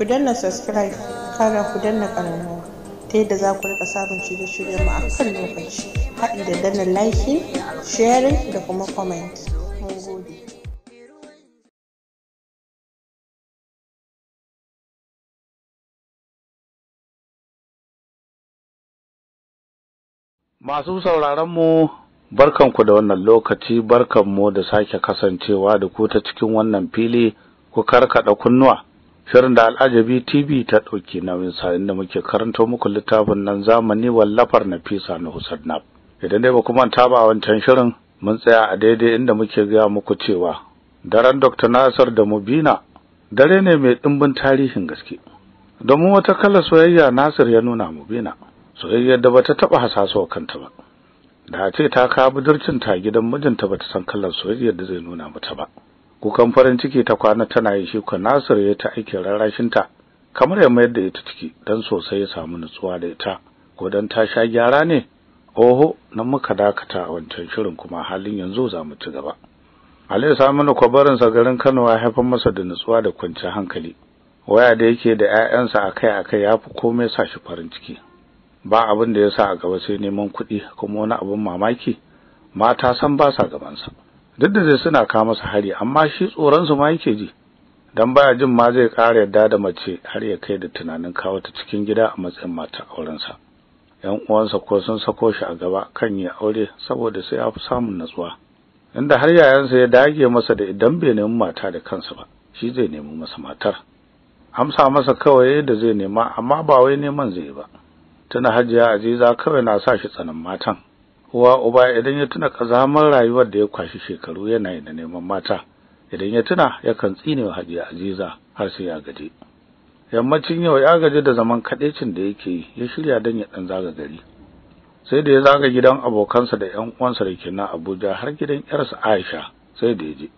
ku danna subscribe kara ku danna karamo ta yadda za ku rika samun shirye shiryen mu a kan lokaci haɗi da danna like sharing da kuma comment mun gode Masu sauraronmu barkanku da wannan lokaci barkanmu da sake kasancewa da ku ta cikin wannan fili ku karkada kunnuwa. shirin da al'ajabi tv ta ɗauki nauyin sa inda muke karanta muku littafin nan zamani wallafar na fisa na husannab idan dai ba kuma manta ba wancan shirin mun tsaya a daidai inda muke gaya muku cewa daren dr nasir da mubina dare ne mai ɗimbin tarihin gaske domin wata kala soyayya nasir ya nuna mubina soyayyar da bata taɓa hasasuwa kanta ba da ce ta kawo budurcin ta gidan mijinta bata san kallon soyayyar da zai nuna mata ba kukan farin ciki ta kwana tana yin shiku Nasiru Nasir ya ta aikin rarrashin ta kamar ya mayar da ita ciki dan sosai ya samu nutsuwa da ita ko dan ta sha gyara ne oho nan muka dakata a wancan shirin kuma halin yanzu za mu ci gaba Ali ya samu na kwabarin garin Kano ya haifar masa da nutsuwa da kwanciyar hankali waya da yake da ƴaƴansa akai-akai ya fi komai sa shi farin ciki ba abin da ya sa a gaba sai neman kuɗi kuma wani abin mamaki mata san ba sa gabansa duk da suna kawo masa hari amma shi tsoron su ma yake ji dan baya jin ma zai ƙara yadda da mace har ya kai da tunanin kawo ta cikin gida a matsayin mata aurensa. sa ƴan uwansa ko sun sako shi a gaba kan ya aure saboda sai ya fi samun natsuwa inda har yayansa ya dage masa da idan bai nemi mata da kansa ba shi zai nemi masa matar amsa masa kawai da zai nema amma ba wai neman zai ba tana hajiya aziza kawai na sa shi tsanan matan wa uba idan ya tuna kazamar rayuwar da ya kwashi shekaru yana yi da neman mata idan ya tuna yakan tsine wa Hajiya Aziza har sai ya gaji. yammacin yau ya gaji da zaman kaɗaicin da yake yi ya shirya don ya dan zaga gari sai da ya zaga gidan abokansa da 'yan uwansa da ke na Abuja har gidan 'yarsa Aisha sai da ya je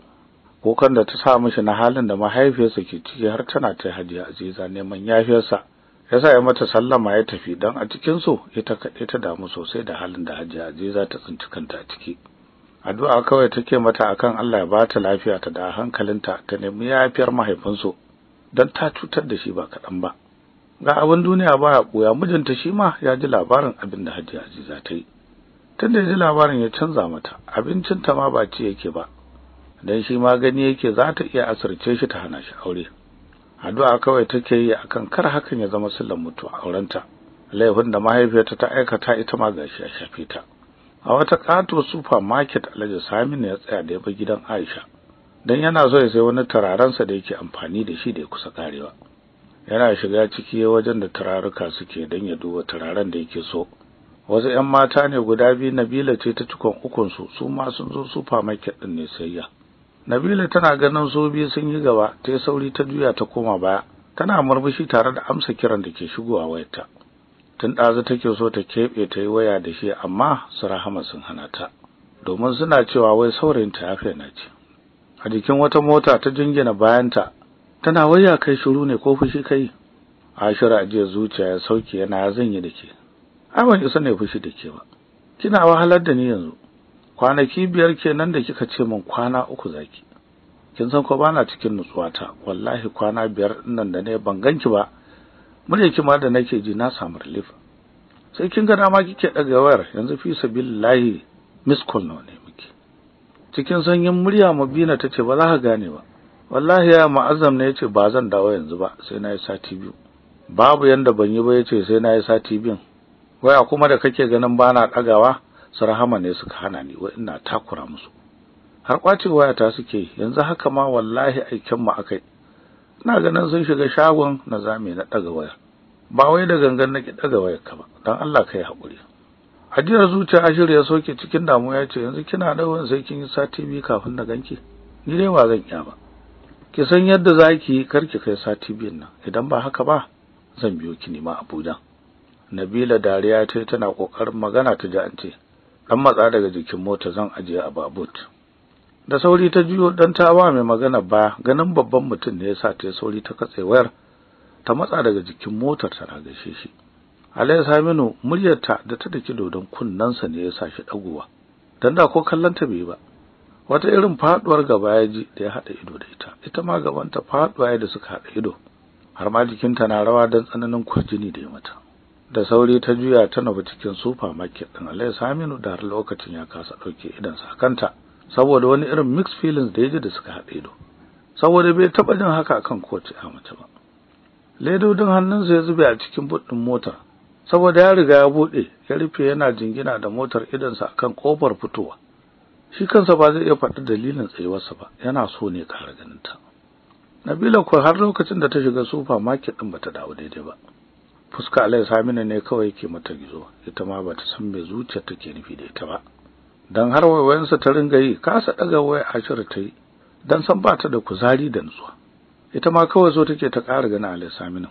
kokan da ta sa mishi na halin da mahaifiyarsa ke ciki har tana ta Hajiya Aziza neman yafiyarsa yasa ya mata sallama ya tafi dan a cikin su ita kade ta damu sosai da halin da Hajiya za ta tsinci kanta a ciki addu'a kawai take mata akan Allah ya bata lafiya ta da hankalinta ta nemi yafiyar mahaifinsu dan ta cutar da shi ba kaɗan ba ga abin duniya baya koya mijinta shi ma ya ji labarin abin da Hajiya za ta yi tunda ya ji labarin ya canza mata abincinta ma ba ci yake ba dan shi ma gani yake za ta iya asirce shi ta hana shi aure addu'a kawai take yi akan kar hakan ya zama mutu mutuwa aurenta laifin da mahaifiyarta ta aikata ita ma gashi a shafe ta a wata katuwar supermarket Alhaji Saminu ya tsaya da ya bi gidan Aisha dan yana so ya sai wani sa da yake amfani da shi da ya kusa karewa yana shiga ciki wajen da turaruka suke dan ya duba turaren da yake so wasu ƴan mata ne guda biyu Nabila ce ta cikon ukun su su ma sun zo supermarket din ne sayya Nabila tana ganin su biyu sun yi gaba ta sauri ta juya ta koma baya tana murmushi tare da amsa kiran da ke shigowa wayarta tun ɗazu take so ta keɓe ta yi waya da shi amma su rahama sun hana ta domin suna cewa wai saurayinta ya fena ce a jikin wata mota ta jingina bayanta tana waya kai shiru ne ko fushi kai ashira ajiya zuciya ya sauke yana ya zanye da ke ai ban isa ne fushi da ke ba kina wahalar da ni yanzu kwanaki biyar kenan da kika ce min kwana uku zaki kin san ko bana cikin nutsuwata wallahi kwana biyar nan da ne ban ganki ba mure ki ma da nake ji na samu relief sai kin ga dama kike daga wayar yanzu fi sabilillahi miss call nawa ne miki cikin sanyin murya mabina tace ba za ka gane ba wallahi ya ma'azam ne yace ba zan dawo yanzu ba sai na yi sati biyu babu yanda ban yi ba yace sai na yi sati biyu waya kuma da kake ganin bana dagawa su rahama ne suka hana ni wa ina takura musu har kwace wayata suke yanzu haka ma wallahi aikin mu akai ina ganin sun shiga shagon na zame na daga waya ba wai da gangan nake daga wayar ka ba dan Allah kai hakuri Hajiyar zuciya Ashir ya soke cikin damuwa ya ce yanzu kina dawon sai kin yi sati biyu kafin na ganki ni dai ba zan iya ba ki san yadda zaki karki kai sati biyun nan idan ba haka ba zan biyo ki nima Abuja Nabila dariya ce tana kokarin magana ta ji an ce dan matsa daga jikin mota zan ajiye a babut da sauri ta juyo dan ta ba mai magana ba ganin babban mutum ne sa ta sauri ta katse wayar ta matsa daga jikin motar tana gaishe shi Alai Saminu muryarta da ta daki dodon kunnansa ne ya sa shi dagowa dan da ko kallon ta bai ba wata irin faduwar gaba ya ji da ya hada ido da ita ita ma gaban ta faduwa da suka hada ido har ma jikinta na rawa dan tsananin kurjini da ya mata da sauri ta juya ta nufi cikin supermarket din sami Saminu da har lokacin ya kasa ɗauke idan sa kanta saboda wani irin mixed feelings da yaji da suka haɗe do, saboda bai taba jin haka akan kotu a mace ba Ledo din hannunsa ya zube a cikin buɗin motar saboda ya riga ya buɗe ya rufe yana jingina da motar sa akan kofar fitowa shi kansa ba zai iya faɗi dalilin tsayuwarsa ba yana so ne ƙara ganin ta Nabila ko har lokacin da ta shiga supermarket din bata dawo daidai ba fuska alai Saminu ne kawai ke mata gizo ita ma bata san me zuciyar take nufi da ita ba dan har sa ta ringa yi kasa daga waya ashir ta yi dan san ta da kuzari da nutsuwa ita ma kawai so take ta ƙara gana alai samina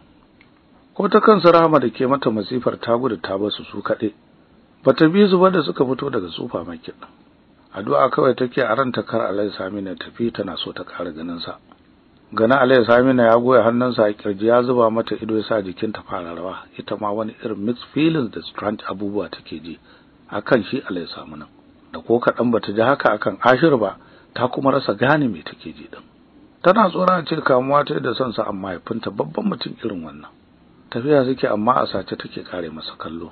ko ta kansa rahama da ke mata masifar ta gudu ta basu su kaɗai bata bi su ba da suka fito daga sufa makin addu'a kawai take a ranta kar alai ya tafi tana so ta ƙara ganin sa gana alayhi samina ya goya hannunsa a kirji ya zuba mata ido ya sa jikinta fara rawa ita ma wani irin mixed feelings da strange abubuwa take ji akan shi alayhi samina da ko kaɗan ta ji haka akan ashir ba ta kuma rasa gane me take ji din tana tsoron ce kamuwa ta da son sa amma haifinta babban mutum irin wannan tafiya suke amma a sace take kare masa kallo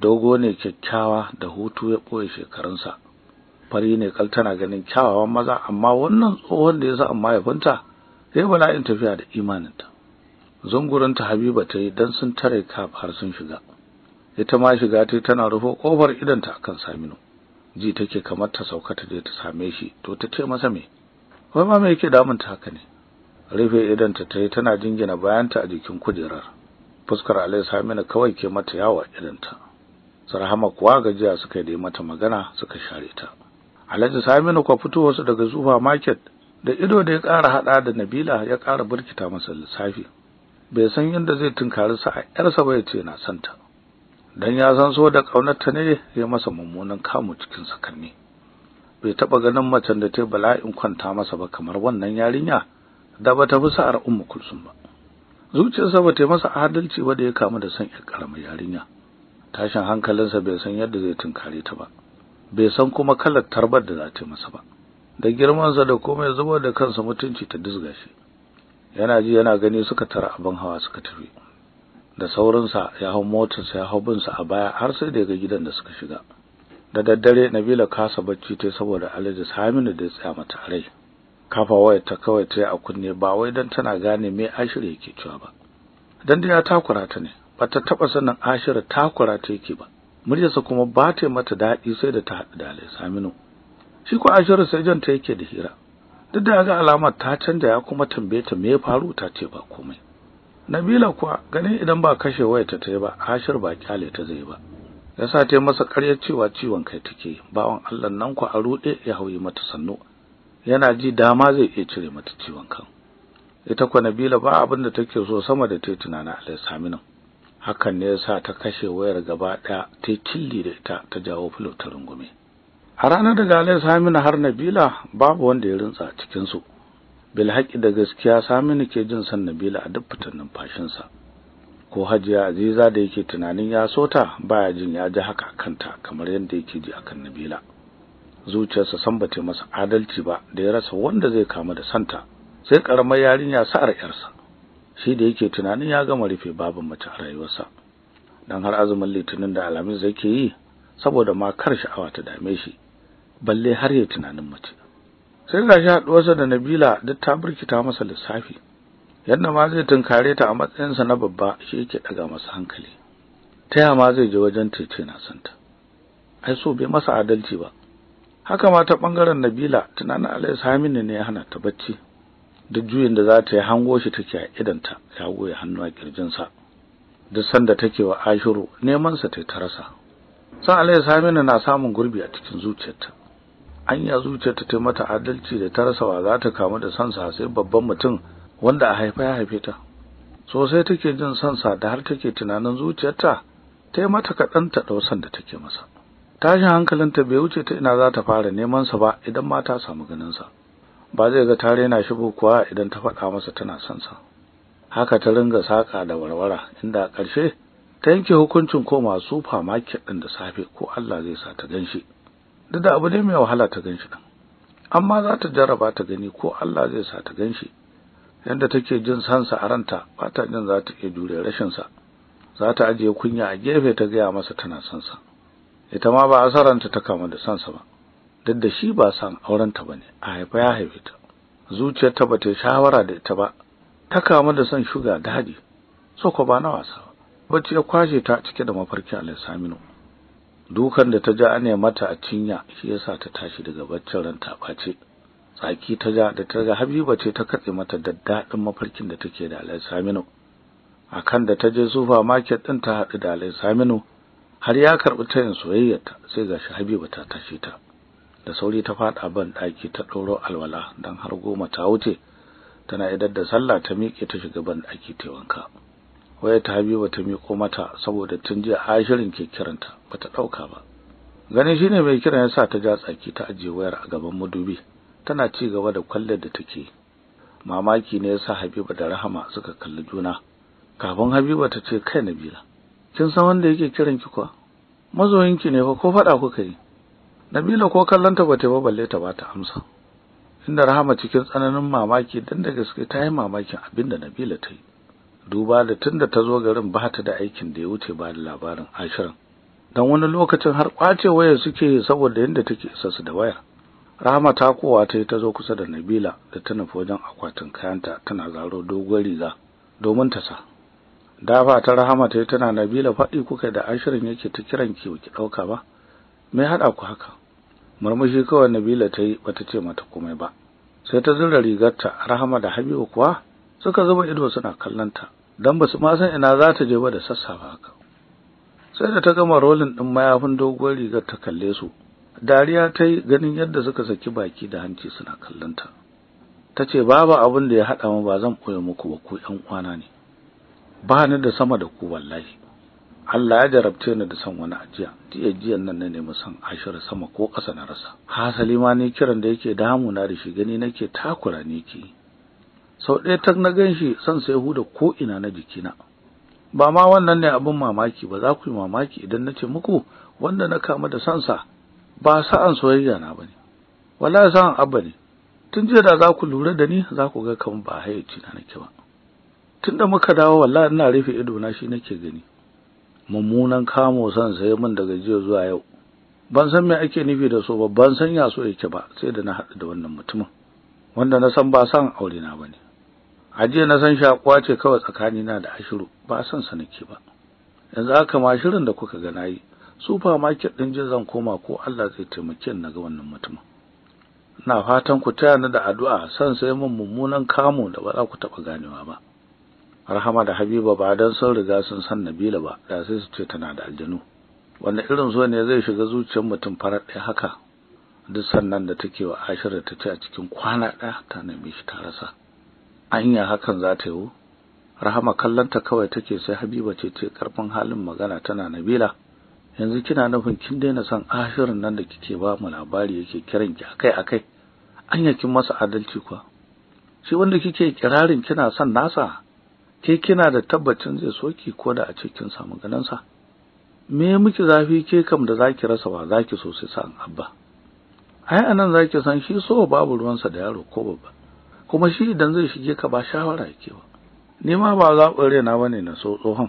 dogo ne kyakkyawa da hutu ya ɓoye shekarunsa fari ne kal tana ganin kyawawan maza amma wannan tsohon da ya sa amma ya funta sai in tafiya da imaninta zungurinta habiba ta yi don sun tare kaf har sun shiga ita ma shiga ta tana rufe kofar idanta akan saminu ji take kamar ta sauka ta je ta same shi to ta ce masa me wai ma me yake damun ta haka ne rufe idanta ta yi tana jingina bayanta a jikin kujerar fuskar alai saminu kawai ke mata yawa idanta sarhama kuwa gajiya suka yi mata magana suka share ta alhaji saminu kwa fitowarsa daga zuwa market da ido da ya ƙara haɗa da nabila ya ƙara birkita masa lissafi bai san yadda zai tunkari sa a yarsa ba ya ce na santa dan ya san so da ƙaunarta ne ya masa mummunan kamu cikin sakanni bai taɓa ganin macen da ta in kwanta masa ba kamar wannan yarinya da ba ta fi sa'ar ummu kulsum ba zuciyarsa ba ta masa adalci ba da ya kamu da son ƴar ƙaramar yarinya tashin hankalinsa bai san yadda zai tunkare ta ba bai san kuma kalar tarbar da za ta masa ba da girmansa da komai zubar da kansa mutunci ta dizga shi yana ji yana gani suka tara abin hawa suka tafi da saurinsa ya hau motarsa ya hau binsa a baya har sai da ga gidan da suka shiga da daddare Nabila kasa bacci ta saboda Alhaji Saminu da ya tsaya mata a rai kafa wayar ta kawai yi a kunne ba wai dan tana gane me Ashira yake cewa ba dan takura ta ne ba ta taba sanin Ashira takura ta yake ba muryarsa kuma ba ta mata daɗi sai da ta haɗu da Alai Saminu shi ko Ashiru sai janta yake da hira duk da ga alamar ta canja ya kuma tambaye ta me ya faru ta ce ba komai Nabila kuwa ganin idan ba kashe wayarta ta yi ba Ashir ba kyale ta zai ba Ya sa ta masa ƙaryar cewa ciwon kai take bawan Allah nan ku a rude ya hauyi mata sannu yana ji dama zai iya cire mata ciwon kan ita kuwa Nabila ba abin da take so sama da ta tunana Alai Saminu hakan ne yasa ta kashe wayar gaba ɗaya ta cilli da ita ta jawo fulo ta rungume a ranar da galai saminu har nabila babu wanda ya rintsa cikin su bilhaƙi da gaskiya saminu ke jin san nabila a duk fitan numfashinsa ko hajiya aziza da yake tunanin ya sota baya jin ya ji haka kanta kamar yadda yake ji akan nabila zuciyarsa san bata masa adalci ba da ya rasa wanda zai kama da santa sai karamar yarinya sa'ar yarsa shi da yake tunanin ya gama rufe babin mace a rayuwarsa dan har azumin litinin da alhamis ke yi saboda ma kar sha'awa ta dame shi balle har ya tunanin mace sai ga shi haduwarsa da Nabila duk ta birkita masa lissafi yadda ma zai tunkare ta a matsayinsa na babba shi yake daga masa hankali Ta taya ma zai je wajen tece na santa ai so bai masa adalci ba haka ma ta ɓangaren Nabila tunanin Alhamis ne ya hana ta bacci duk juyin da za ta yi hango shi take a idanta ya goye hannu a kirjinsa duk sanda take wa ashiru neman sa ta rasa san alayhi samina na samun gurbi a cikin zuciyarta anya zuciyarta ta mata adalci da ta rasa wa za ta kamu da sansa sai babban mutum wanda a haifa ya haife ta sosai take jin sansa da har take tunanin zuciyarta ta yi mata kaɗan ta ɗausan san da take masa tashin hankalinta bai wuce ta ina za ta fara neman sa ba idan ma ta samu ganin sa ba zai ga ta na shi kuwa idan ta faɗa masa tana son sa haka ta ringa saka da warwara inda a ƙarshe ta yanke hukuncin ko koma market ɗin da safe ko Allah zai sa ta ganshi duk da abu ne mai wahala ta ganshi din amma za ta jarraba ta gani ko Allah zai sa ta ganshi yanda take jin sansa a ranta ba ta jin za ta iya jure rashin sa za ta ajiye kunya a gefe ta gaya masa tana son ita ma ba asaranta ta kama da sansa ba duk da shi ba san auren ta bane a haifa ya haife ta zuciyar ta bata shawara da ita ba ta kama da son shuga dadi so ko ba na wasa bacci ya kwashe ta cike da mafarki Allah saminu dukan da ta ja ane mata a cinya shi yasa ta tashi daga baccin ran ta bace tsaki ta ja da ta ga Habiba ce ta katse mata da daddadin mafarkin da take da Allah saminu akan da ta je market din ta haɗu da Allah saminu har ya karɓi tayin soyayyarta sai gashi Habiba ta tashi ta da sauri ta faɗa ban daki ta ɗoro alwala dan har goma ta wuce tana idar da sallah ta miƙe ta shiga ban daki ta wanka waya ta habiba ta miƙo mata saboda tun jiya ashirin ke kiranta bata ɗauka ba gani shine mai kiran yasa ta ja tsaki ta ajiye wayar a gaban madubi tana ci gaba da kallon da take mamaki ne yasa habiba da rahama suka kalli juna kafin habiba ta ce kai nabila kin san wanda yake kiran ki kuwa mazoyinki ne fa ko faɗa kuka yi Nabila ko kallanta bata ba balle ta bata amsa inda Rahama cikin tsananin mamaki dan da gaske ta yi mamakin abinda Nabila ta yi duba da tunda ta zo garin ba ta da aikin da ya wuce ba da labarin ashirin dan wani lokacin har kwace wayar suke saboda yanda take isa su da wayar Rahama ta kowa ta yi ta zo kusa da Nabila da ta nufi wajen akwatin kayanta tana zaro doguwar riga domin ta sa Da ba ta Rahama ta yi tana Nabila faɗi kuka da ashirin yake ta kiran ki ki ɗauka ba me haɗa ku haka murmushi kawai Nabila ta yi ta ce mata komai ba sai ta zura rigarta Rahama da Habibu kuwa suka zuba ido suna kallon ta dan basu ma san ina za ta je ba da sassafe haka sai da ta gama rolin din mayafin doguwar rigar ta kalle su dariya ta yi ganin yadda suka saki baki da hanci suna kallonta. ta ce babu abin da ya haɗa mu ba zan koya muku ba ku yan kwana ne ba ni da sama da ku wallahi Allah ya jarabce ni da son wani ajiya jiya jiyan nan na nemi son ashir sama ko ƙasa na rasa hasali ma ne kiran da yake na da shi gani nake takura ne ke sau ɗaya tak na ganshi shi son sai huda ko ina na jikina ba ma wannan ne abin mamaki ba za ku yi mamaki idan na ce muku wanda na kama da sansa ba sa'an soyayya na bane wallahi sa'an abba ne tun jiya da za ku lura da ni za ku ga kamar ba hayyaci na nake ba tunda muka dawo wallahi ina rufe ido na shi nake gani mummunan kamo san sai min daga jiya zuwa yau ban san me ake nufi da so ba ban san ya so yake ba sai da na haɗu da wannan mutumin wanda na san ba san aure na bane a jiya na san shakuwa ce kawai tsakani na da ashiru ba san sa nake ba yanzu haka ma shirin da kuka ga nayi supermarket din je zan koma ko Allah zai taimake ni ga wannan mutumin na fatan ku taya ni da addu'a san sai mun mummunan kamo da ba za ku taɓa ganewa ba Rahama da Habiba ba dan sun riga sun san Nabila ba da sai su ce tana da aljanu wanda irin so ne zai shiga zuciyar mutum farar ɗaya haka duk sannan da take wa Ashira ta ce a cikin kwana ɗaya ta nemi shi ta rasa anya hakan za ta yi Rahama kallanta kawai take sai Habiba ce ce karfin halin magana tana Nabila yanzu kina nufin kin daina son ashirin nan da kike ba mu labari yake kiran ki akai akai anya kin masa adalci kuwa shi wanda kike kirarin kina son nasa ke kina da tabbacin zai soki ko da a cikin samun samu ganinsa me miki zafi ke kam da zaki rasa wa zaki so sai san abba ai anan zaki san shi so babu ruwan sa da yaro ko babba kuma shi idan zai shige ka ba shawara yake ba ni ma ba zaɓin rena bane na so tsohon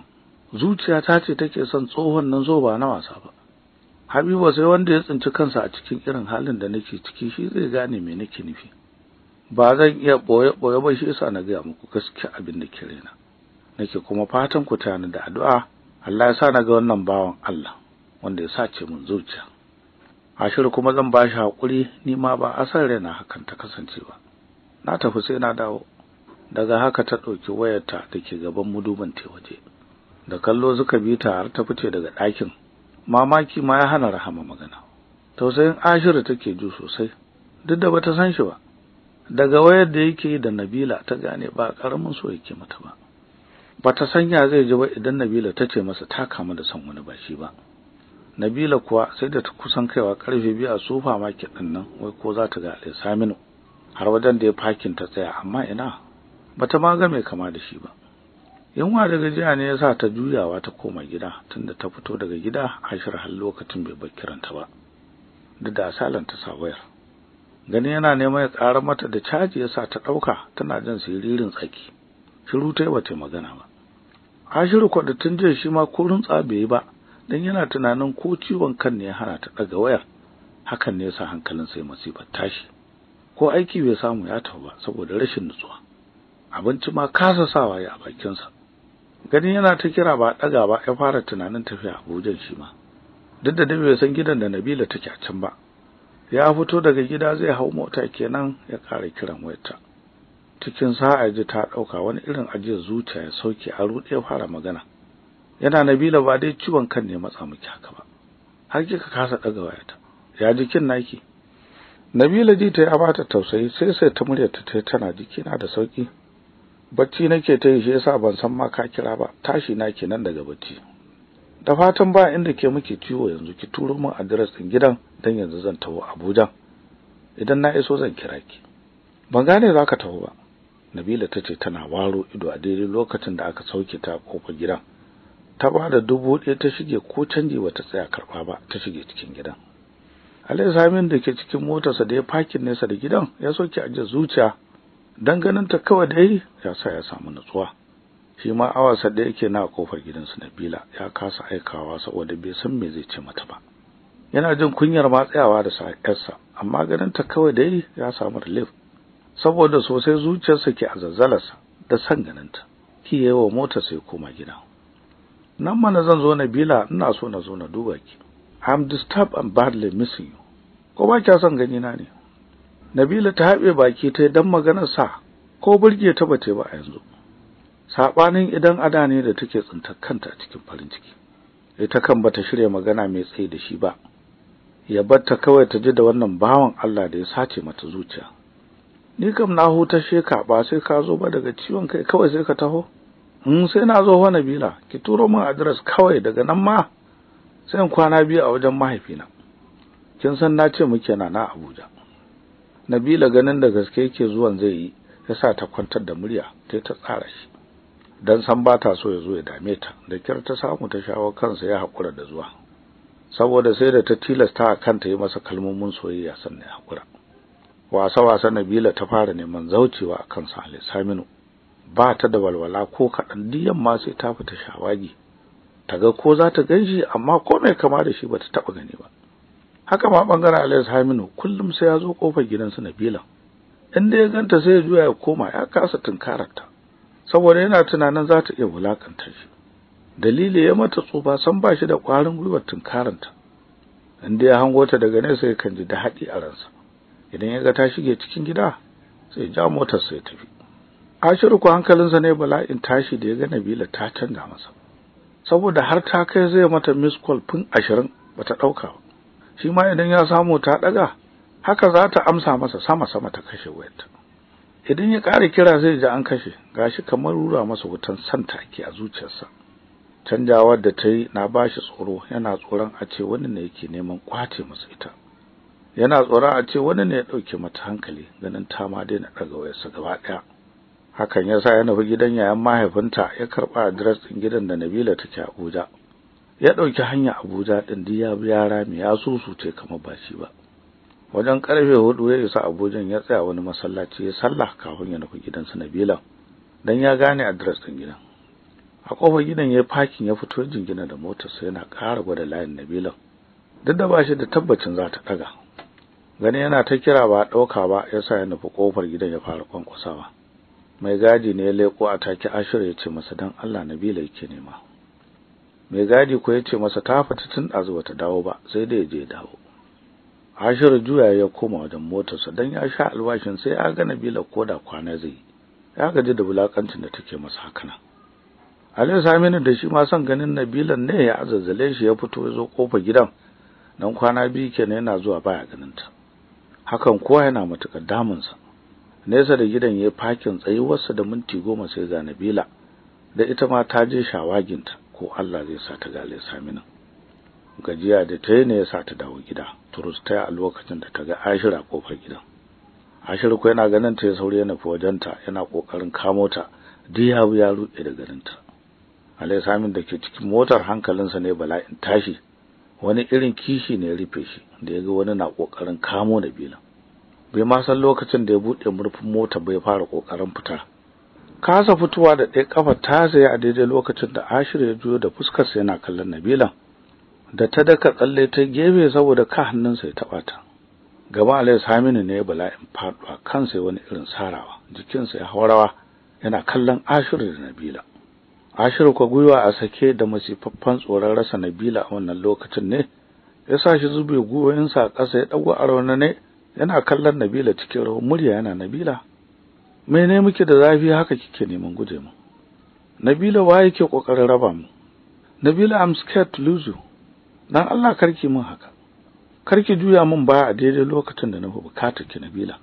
zuciya ta ce take son tsohon nan zo ba na wasa ba Habiba sai wanda ya tsinci kansa a cikin irin halin da nake ciki shi zai gane me nake nufi ba zan iya boye boye ba shi yasa na gaya muku gaskiya abin da ke rena nake kuma fatan ku tana da addu'a Allah ya sa na ga wannan bawan Allah wanda ya sace mun zuciya ashiru kuma zan ba shi hakuri ni ma ba asar rena hakan ta kasance ba na tafi sai na dawo daga haka ta ɗauki wayarta da ke gaban muduban ta waje da kallo suka bi ta har ta fice daga ɗakin mamaki ma ya hana rahama magana tausayin ashiru take ji sosai duk da bata san shi ba daga wayar da yake da Nabila ta gane ba karamin so yake mata ba bata san ya zai ji ba idan Nabila ta ce masa ta kama da san wani bashi ba Nabila kuwa sai da ta kusan kaiwa karfe biyu a sofa market din nan wai ko za ta ga Ali Saminu har wajen da ya fakin ta tsaya amma ina bata ma ga mai kama da shi ba yunwa daga jiya ne yasa ta juyawa ta koma gida tunda ta fito daga gida Ashir har lokacin bai bar kiranta ba duk da asalan ta sa gani yana neman ya ƙara mata da caji yasa ta ɗauka tana jin siririn tsaki shiru ta ba ta magana ba hashiru tun jiya shi ma ko runtsa bai yi ba dan yana tunanin ko ciwon kan ne ya hana ta daga wayar hakan ne yasa hankalin sai masifar tashi ko aiki bai samu ya tafi ba saboda rashin nutsuwa abinci ma kasa sawa ya a bakinsa gani yana ta kira ba daga ba ya fara tunanin tafiya Abuja shi ma duk da da bai san gidan da Nabila take a can ba ya fito daga gida zai hau mota kenan ya kare kiran wayarta cikin sa'a ji ta ɗauka wani irin ajiyar zuciya ya sauke a rude fara magana yana nabila ba dai ciwon kan ne matsa miki haka ba har kika kasa ɗaga wayata ya jikin naki nabila ji ta ya bata tausayi sai sai ta murya ta ta tana jikina da sauki bacci nake ta yi shi yasa ban san ma ka kira ba tashi na nan daga bacci da fatan ba inda ke muke ciwo yanzu ki turo min address din gidan dan yanzu zan tawo Abuja idan na iso zan kira ki ban gane zaka taho ba nabila ta ce tana waro ido a daidai lokacin da aka sauke ta kofar gidan ta ba da dubu ɗaya ta shige ko canji wata tsaya karɓa ba ta shige cikin gidan alai samin da ke cikin motarsa da ya fakin nesa da gidan ya soke aje zuciya dan ganin ta kawai dai yi ya sa ya samu nutsuwa shi ma awasa da yake na kofar gidan su Nabila ya kasa aikawa saboda bai san me zai ce mata ba yana jin kunyar matsayawa da sa'arsa amma ganin ta kawai dai ya samu relief saboda sosai zuciyarsa ke a zazzalarsa da san ganinta ki yayi wa mota sai koma gida nan mana zan zo na bila ina so na zo na duba ki i'm disturbed and badly missing you ko ba kya son gani na ne Nabila ta haɓe baki ta dan maganar sa ko burge ta bace ba a yanzu sabanin idan ada ne da take tsintar kanta cikin farin ciki ita kan bata shirya magana mai tsayi da shi ba ya batta kawai ta ji da wannan bawan Allah da ya sace mata zuciya ni kam na huta Sheka ba sai ka zo ba daga ciwon kai kawai sai ka taho in hmm, sai na zo fa Nabila ki turo min adres kawai daga nan ma sai in kwana biyu a wajen mahaifina kin san na ce muke na na Abuja Nabila ganin da gaske yake zuwan zai yi ya sa ta kwantar da murya ta ta tsara shi dan san ba ta so ya zo ya dame ta da kyar ta samu ta shawo kansa ya hakura da zuwa saboda sai da ta tilasta a kanta yi masa kalmomin soyayya sannan ya hakura wasa-wasa Nabila ta fara neman zaucewa akan Salih Saminu ba ta da walwala ko kaɗan duk yamma sai ta fita shawagi ta ga ko za ta ganshi amma ko mai kama da shi ba ta taɓa gani ba haka ma ɓangaren Alhaji Saminu kullum sai ya zo kofar gidansu Nabila inda ya ganta sai ya juya ya koma ya kasa ta saboda yana tunanin za ta iya wulakantar shi dalili ya mata tsufa san ba shi da ƙwarin gwiwar tunkaranta inda ya hango ta daga nesa kan ji da haɗi a ransa idan ya ga ta shige cikin gida sai ja motar sai tafi Ashiru ku hankalinsa ne bala'in tashi da ya ga Nabila ta canza masa saboda har ta kai zai mata miss call fin ashirin bata ɗauka ba shi ma idan ya samu ta ɗaga haka za ta amsa masa sama sama ta kashe wayarta idan ya ƙara kira zai ji an kashe gashi kamar rura masa wutan san take a zuciyarsa canjawar da ta yi na bashi tsoro yana tsoron a ce wani ne yake neman kwace masa ita yana tsoron a ce wani ne ya dauke mata hankali ganin ta ma daina ɗaga wayarsa gaba ɗaya hakan ya sa ya nufi gidan yayan mahaifinta ya karɓa adres din gidan da Nabila take Abuja ya ɗauki hanya Abuja ɗin da ya bi yara mai ya susute kamar ba shi ba wajen ƙarfe hudu ya isa Abuja ya tsaya wani masallaci ya sallah kafin ya nufi su Nabila dan ya gane adres din gidan a ƙofar gidan ya fakin ya fito jingina da motarsa yana ƙara gwada layin Nabila duk da ba shi da tabbacin za ta ɗaga gani yana ta kira ba ɗauka ba ya sa ya nufi ƙofar gidan ya fara kwankwasawa mai gadi ne ya leƙo a take ashir ya ce masa don allah nabila yake nema mai gadi ko ya ce masa ta fita tun ɗazu ta dawo ba sai dai ya je dawo ashir juya ya koma wajen motarsa don ya sha alwashin sai ya ga nabila ko da kwana zai ya gaji da wulaƙancin da take masa hakana Aliyu Saminu da shi ma son ganin Nabilan ne ya azazzale shi ya fito ya zo kofar gidan nan kwana biyu kenan yana zuwa baya ganin ta hakan kowa yana matukar damunsa nesa da gidan ya fakin tsayuwarsa da minti goma sai ga Nabila da ita ma ta je shawaginta ko Allah zai sa ta gale Samina gajiya da ta yi ne ya sa ta dawo gida turus a lokacin da ta ga Ashira kofar gidan Ashira ko yana ganin ta ya saurayi yana fi wajenta yana kokarin kamo ta duk ya ya ruɗe da garinta Alai Samin da ke cikin motar hankalinsa ne bala'in tashi wani irin kishi ne ya rufe shi da ya ga wani na kokarin kamo Nabila bai ma san lokacin da ya bude murfin mota bai fara kokarin fita kasa fituwa da ɗaya kafa ta saya a daidai lokacin da Ashir ya juyo da fuskar sa yana kallon Nabila da ta daka tsalle ta gefe saboda ka hannunsa ya taba ta gaba Alayhis Saminu ne bala'in faɗuwa kansa wani irin sarawa jikinsa ya haurawa yana kallon Ashir da Nabila Ashiru kwa gwiwa a sake da masifaffan tsoron rasa Nabila a wannan lokacin ne ya sa shi zube gwiwoyinsa a ƙasa ya ɗago a rauna ne yana kallon Nabila cikin rawar murya yana Nabila ne muke da zafi haka kike neman guje mu Nabila wa yake ƙoƙarin raba mu Nabila I'm scared to lose you dan Allah karki min haka karki juya min baya a daidai lokacin da na fi bukatar ki Nabila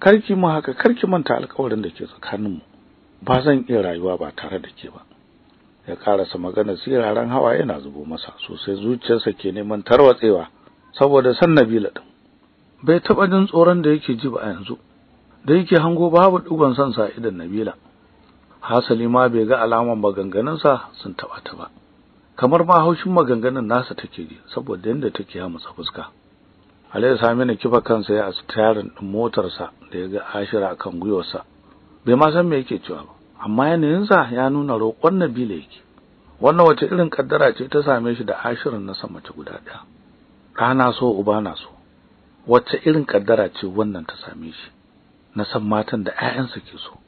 karki min haka karki manta alƙawarin da ke tsakaninmu ba zan iya rayuwa ba tare da ke ba ya karasa maganar siraran hawa yana zubo masa sosai zuciyarsa ke neman tarwatsewa saboda san Nabila din bai taba jin tsoron da yake ji ba a yanzu da yake hango babu dugon san sa idan Nabila hasali ma bai ga alaman maganganun sa sun taba ta ba kamar ma haushin maganganun nasa take ji saboda yanda take ya masa fuska sami Saminu kifa kansa ya asu tayarin motarsa da ya ga Ashira kan gwiwarsa bai ma san me yake cewa ba amma yanayin sa ya nuna roƙon Nabila yake wannan wace irin kaddara ce ta same shi da ashirin na sama ta guda ɗaya Rana so uba na so wace irin kaddara ce wannan ta same shi na san matan da 'ya'yansa ke so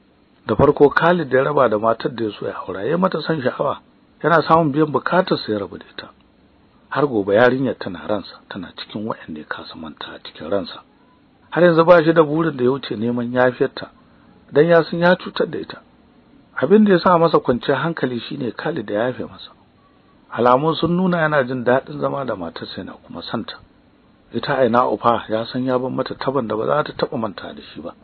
da farko Khalid ya raba da matar da ya so ya aura ya mata san sha'awa yana samun biyan bukatar sa ya rabu da ita har gobe yarinyar tana ransa tana cikin waɗanda ya kasa manta a cikin ransa har yanzu ba shi da burin da ya wuce neman yafiyarta dan ya san ya cutar da ita abin da ya sa masa kwanciyar hankali shine Khalid ya yafe masa alamun sun nuna yana jin daɗin zama da matarsa yana kuma santa ita aina ufa ya san ya ban mata taban da ba za ta taba manta da shi ba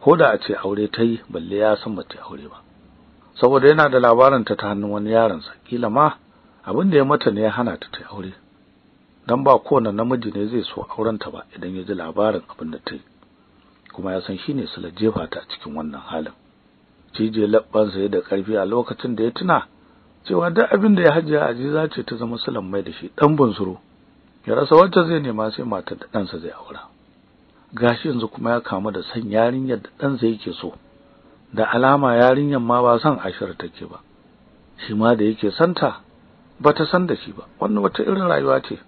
ko da a ce aure ta yi balle ya san mace aure ba saboda yana da labarin ta ta hannun wani yaron sa kila ma abin da ya mata ne ya hana ta ta aure dan ba kowane namiji ne zai so auren ta ba idan ya ji labarin abin da ta yi kuma ya san shine su la jefa ta cikin wannan halin cije labbansa da karfi a lokacin da ya tuna cewa duk abin da ya hajiya ajiza ce ta zama sulan mai da shi dan bunsuru ya rasa wacce zai nema sai matar da ɗansa zai aura gashi yanzu kuma ya kamu da san yarinyar da ɗansa yake so da alama yarinyar ma ba san ashir take ba shi ma da yake santa ba ta san da shi ba wannan wata irin rayuwa ce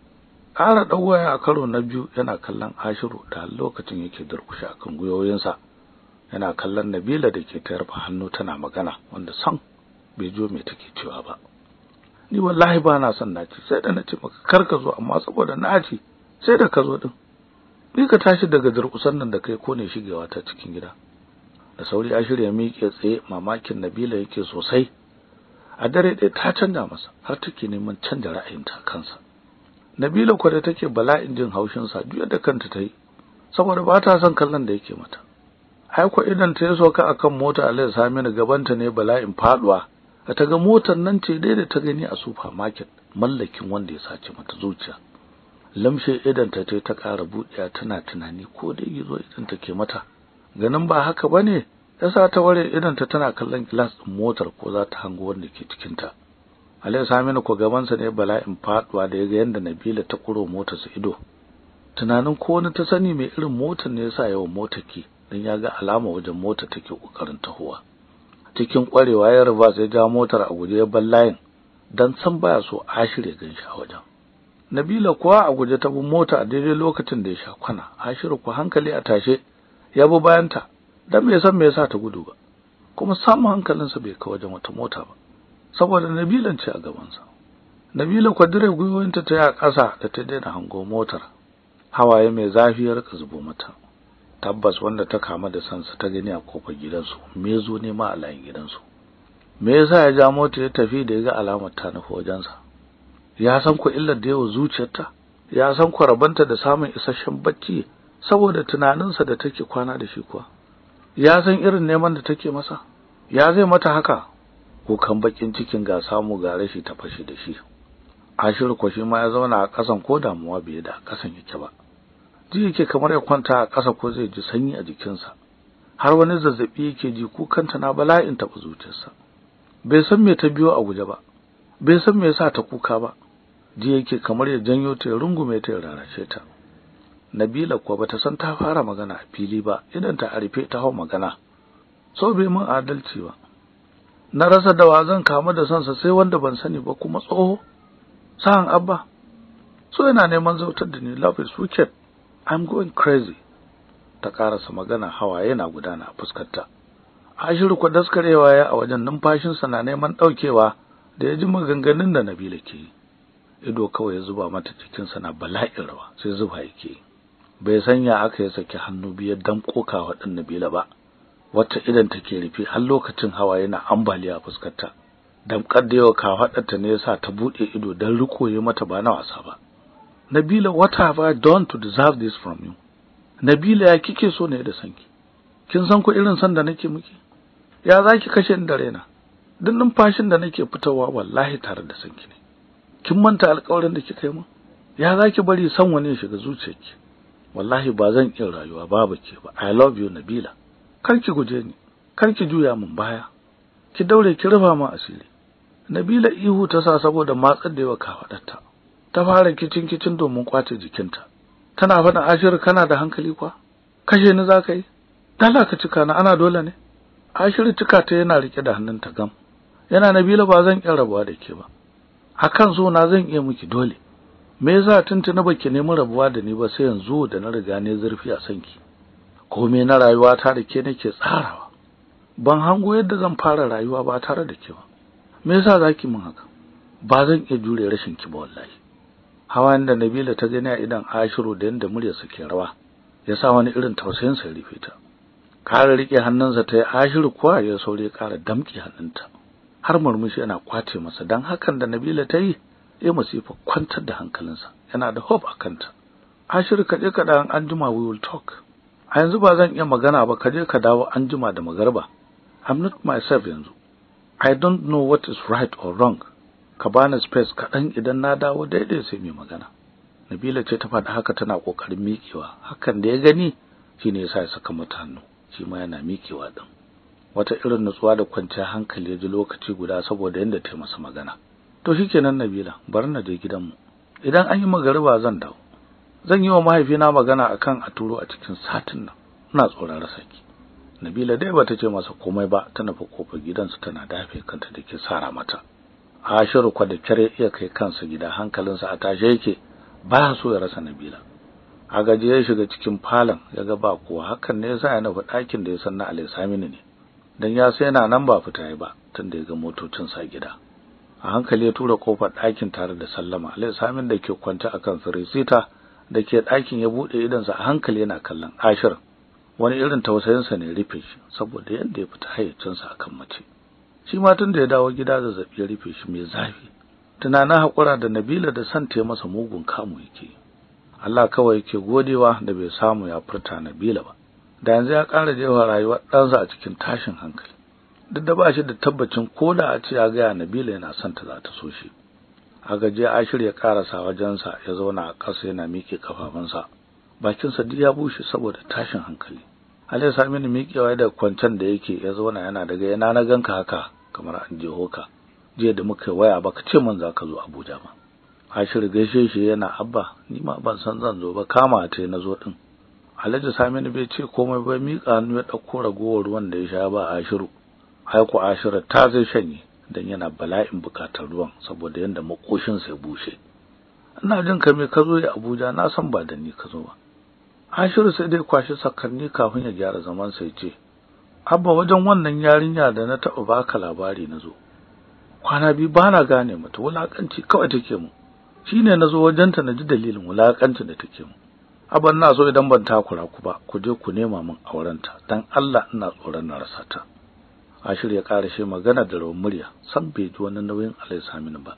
ƙara ɗauwaya a karo na biyu yana kallon ashiru da lokacin yake durkushe kan gwiwoyinsa yana kallon Nabila da ke tayar hannu tana magana wanda san bai jo me take cewa ba ni wallahi ba na son naci sai da nace maka kar ka zo amma saboda naci sai da ka zo din ni ka tashi daga durkusan nan da kai kone shigewa ta cikin gida da sauri a shirya miƙe tsaye mamakin Nabila yake sosai a dare ɗaya ta canza masa har take neman canza ra'ayinta kansa Nabila kwada take bala'in jin haushin sa duk da kanta ta saboda ba ta son kallon da yake mata haiko idan ta ya sauka akan mota Alhaji Saminu gabanta ne bala'in faduwa ta ga motar nan ce dai da ta gani a supermarket mallakin wanda ya sace mata zuciya lamshe idan ta ta ƙara buɗiya tana tunani ko dai gizo idan take mata ganin ba haka bane yasa ta ware idan ta tana kallon glass din motar ko za ta hango wanda ke cikin ta sa Saminu ko gabansa ne bala'in faduwa da yaga yanda Nabila ta kuro motar sa ido tunanin ko wani ta sani mai irin motar ne yasa yawan motar ke dan ya ga alama wajen mota take kokarin tahowa cikin kwarewa ya ruba sai ga motar a guje ya layin dan san baya so ashire gan shi a wajen Nabila kuwa a guje ta bi mota a daidai lokacin da ya sha kwana ashiru ku hankali a tashe ya bi bayanta dan me san me yasa ta gudu ba kuma samun hankalinsa bai ka wajen wata mota ba saboda Nabilan ce a gabansa Nabila kwadire gwiwoyinta ta ya a ƙasa da ta daina hango motar hawaye mai zafi ya rika zubo mata tabbas wanda ta kama da sansa ta gani a kofar gidansu me zo nema a layin gidansu me yasa ya ja mota ya tafi da ya ga alamar ta nufi wajensa ya san ku illar da yawa zuciyarta ya san ku rabanta da samun isasshen bacci saboda tunaninsa da take kwana da shi kuwa ya san irin neman da take masa ya zai mata haka kukan bakin cikin ga samu ga rashi ta fashe da shi ashir kwashi ma ya zauna a ƙasan ko damuwa bai da ƙasan yake ba duk yake kamar ya kwanta a ƙasa ko zai ji sanyi a jikinsa har wani zazzaɓi yake ji kukanta na bala'in taɓa zuciyarsa bai san me ta biyo a guje ba bai san me yasa ta kuka ba ji yake kamar ya janyo ta ya rungume ta ya rarashe ta Nabila kuwa bata san ta fara magana a fili ba idan ta arife ta hau magana so bai min adalci ba na rasa dawa zan kamu da sansa sai wanda ban sani ba kuma tsoho sa'an abba so yana neman zautar da ni lafi suket I'm going crazy ta ƙarasa magana hawa yana gudana a fuskarta Ashiru kwa daskarewa ya a wajen numfashinsa na neman ɗaukewa da ya ji maganganun da Nabila ke yi ido kawai ya zuba mata cikinsa na bala'in rawa sai zuba yake bai sanya aka ya saki hannu biyar dan koka wa Nabila ba wata idan take rufe har lokacin hawa yana ambaliya fuskarta damkar da yau ta ne yasa ta buɗe ido dan riko mata ba na wasa ba Nabila, what have I done to deserve this from you? Nabila ya kike so ne da sanki? Kin san ku irin san da nake miki? Ya zaki kashe ni da raina? Duk numfashin da nake fitowa wallahi tare da sanki ne. Kin manta alƙawarin da kika yi Ya za bari san wani ya shiga zuciyarki? Wallahi ba zan iya rayuwa babu ke ba. I love you Nabila. Kar ki guje ni. Kar ki juya min baya. Ki daure ki rufa min asiri. Nabila ihu ta sa saboda matsar da yawa kafadarta. ta fara kicin kicin domin kwace jikinta tana faɗin ashiru kana da hankali kwa kashe ni za ka yi dala ka cika na ana dole ne ashiru cika ta yana rike da hannun ta gam yana na nabila ba zan iya rabuwa da ke ba akan so na zan iya miki dole me yasa tuntuna baki nemi rabuwa da ni ba sai yanzu da na riga ne zurfi a sanki komai na rayuwa ta da ke nake tsarawa ban hango yadda zan fara rayuwa ba tare da ke ba me yasa zaki min haka ba zan iya jure rashin ki ba wallahi hawan da Nabila ta gani a idan Ashiru da yanda muryarsa ke rawa ya sa wani irin tausayin sa rufe ta kare rike hannunsa ta yi Ashiru kuwa ya saure kare damki hannunta har murmushi yana kwace masa dan hakan da Nabila ta yi ya masifa kwantar da hankalinsa yana da hope a kanta Ashiru kaje ka an anjima we will talk a yanzu ba zan iya magana ba ka je ka dawo anjima da magarba I'm not myself yanzu I don't know what is right or wrong ka bani space kaɗan idan na dawo daidai sai mai magana Nabila ce ta faɗi haka tana ƙoƙarin miƙewa hakan da ya gani shine yasa ya saka mata hannu shi ma yana miƙewa din wata irin nutsuwa da kwanciya hankali ya ji lokaci guda saboda yadda ta masa magana to shikenan Nabila bar na je gidanmu idan an yi magariba zan dawo zan yi wa mahaifina magana akan a turo a cikin satin nan ina tsoron rasa ki Nabila dai bata ce masa komai ba ta nufi kofar gidansu tana dafe kanta da ke sara mata Ashiru kwadacciyar ya iya kai kansa gida hankalinsa a tashe yake ba so ya rasa Nabila a gaje ya shiga cikin falon ya ga ba kowa hakan ne yasa ya nufi ɗakin da ya san na Alisaminu ne dan ya sai yana nan ba fita ba tunda ya ga motocin sa gida a hankali ya tura kofar ɗakin tare da sallama Alisaminu da ke kwanta akan firisita da ke ɗakin ya buɗe idonsa a hankali yana kallon Ashir wani irin tausayinsa ne rufe shi saboda yadda ya fita hayyacinsa akan mace shi ma tun da ya dawo gida zazzabi ya rufe shi mai zafi tunanin haƙura da Nabila da son ta masa mugun kamu yake Allah kawai yake godewa da bai samu ya furta Nabila ba da yanzu ya ƙara jewa rayuwar ɗansa a cikin tashin hankali duk da ba shi da tabbacin ko da a ce ya gaya Nabila yana son ta za ta so shi a gaje Ashir ya ƙarasa wajensa ya zauna a ƙasa yana miƙe kafafunsa bakinsa duk ya bushe saboda tashin hankali Ali Saminu miƙewa da kwancen da yake ya zauna yana daga yana na ganka haka kamar an jeho ka jiya da muka waya ba ka ce man za ka zo Abuja ba Ashir gaishe shi yana abba ni ma ban san zan zo ba kama ta na zo din Alhaji Saminu bai ce komai ba miƙa hannu ya ɗauko ragowar ruwan da ya sha ba Ashiru haiku Ashira ta zai shanye dan yana bala'in bukatar ruwan saboda yanda makoshin ya bushe ina jin ka me ka zo ya Abuja na san ba da ni ka zo ba Ashiru sai dai kwashi sakanni kafin ya gyara zaman sai ce abba wajen wannan yarinya da na taɓa baka labari na zo kwana biyu ba na gane mata wulakanci kawai take mu shi ne na zo wajenta na ji dalilin wulaƙancin da take mu abba ina so idan ban takura ku ba ku je ku nema min aurenta dan Allah ina tsoron na rasa ta Ashir ya shi magana da rawar murya san bai ji wani nauyin Allah ya ba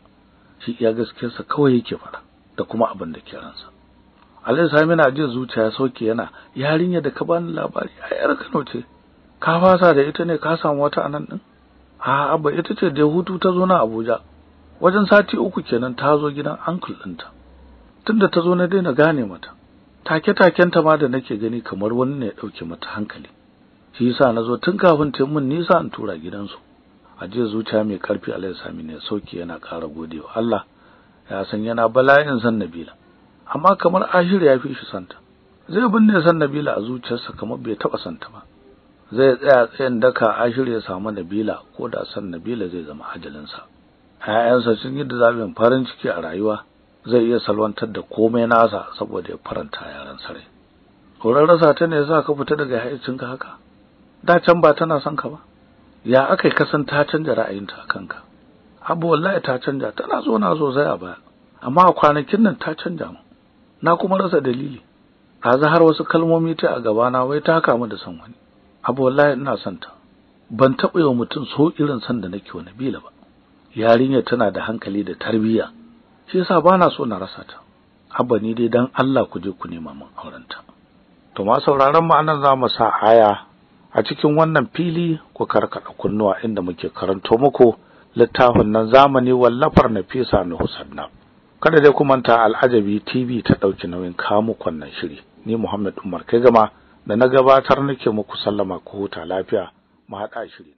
shi iya gaskiyarsa kawai yake fara da kuma abin da ke ransa Allah ya sami na jin zuciya sauke yana yarinya da ka bani labari a yar Kano ce ka fasa da ita ne ka samu wata anan din a abba ita ce da hutu ta zo na Abuja wajen sati uku kenan ta zo gidan uncle dinta. tunda ta zo na daina gane mata take taken ta ma da nake gani kamar wani ne ya dauke mata hankali shi yasa nazo tun kafin ta mun nisa in tura gidansu je zuciya mai karfi Allah ya sami ne sauki yana ƙara godewa Allah ya san yana bala'in san Nabila amma kamar Ashir ya fi shi santa zai binne san Nabila a zuciyarsa kamar bai taba santa ba zai tsaya tsayin daka a ya samu nabila ko da san nabila zai zama ajalinsa ƴaƴansa sun yi da zaɓin farin ciki a rayuwa zai iya salwantar da komai nasa saboda ya faranta yaran sare horon rasa ta ne za ka fita daga haicinka haka da can ba tana son ka ba ya aka kasan ta canja ra'ayinta a kanka abu wallahi ta canja tana zo na sosai a baya amma a kwanakin nan ta canja mu na kuma rasa dalili a har wasu kalmomi ta a gabana wai ta kamu da san wani abu wallahi ina son ta ban taɓa wa mutum so irin sanda da nake wa Nabila ba yarinyar tana da hankali da tarbiyya shi yasa bana so na rasa ta abba ni dai dan Allah ku je ku nema min aurenta to ma sauraron mu anan za mu sa aya a cikin wannan fili ku karkada kunnuwa inda muke karanto muku littafin nan zamani wallafar na Nafisa na Husanna kada dai ku manta al'ajabi TV ta dauki nauyin kawo muku shiri ni Muhammad Umar kai gama da na gabatar nake muku sallama ku huta lafiya mu haɗa shiri